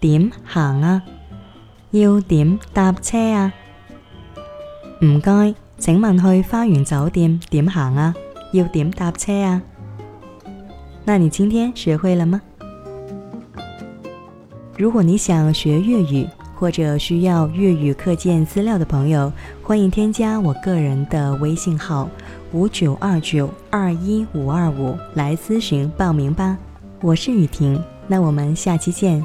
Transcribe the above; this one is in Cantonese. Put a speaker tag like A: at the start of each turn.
A: 點行啊？要點搭車啊？唔該，請問去花園酒店點行啊？要點搭車啊？那你今天學會了嗎？如果你想學粵語或者需要粵語課件資料的朋友，歡迎添加我個人的微信號五九二九二一五二五來諮詢報名吧。我是宇婷，那我們下期見。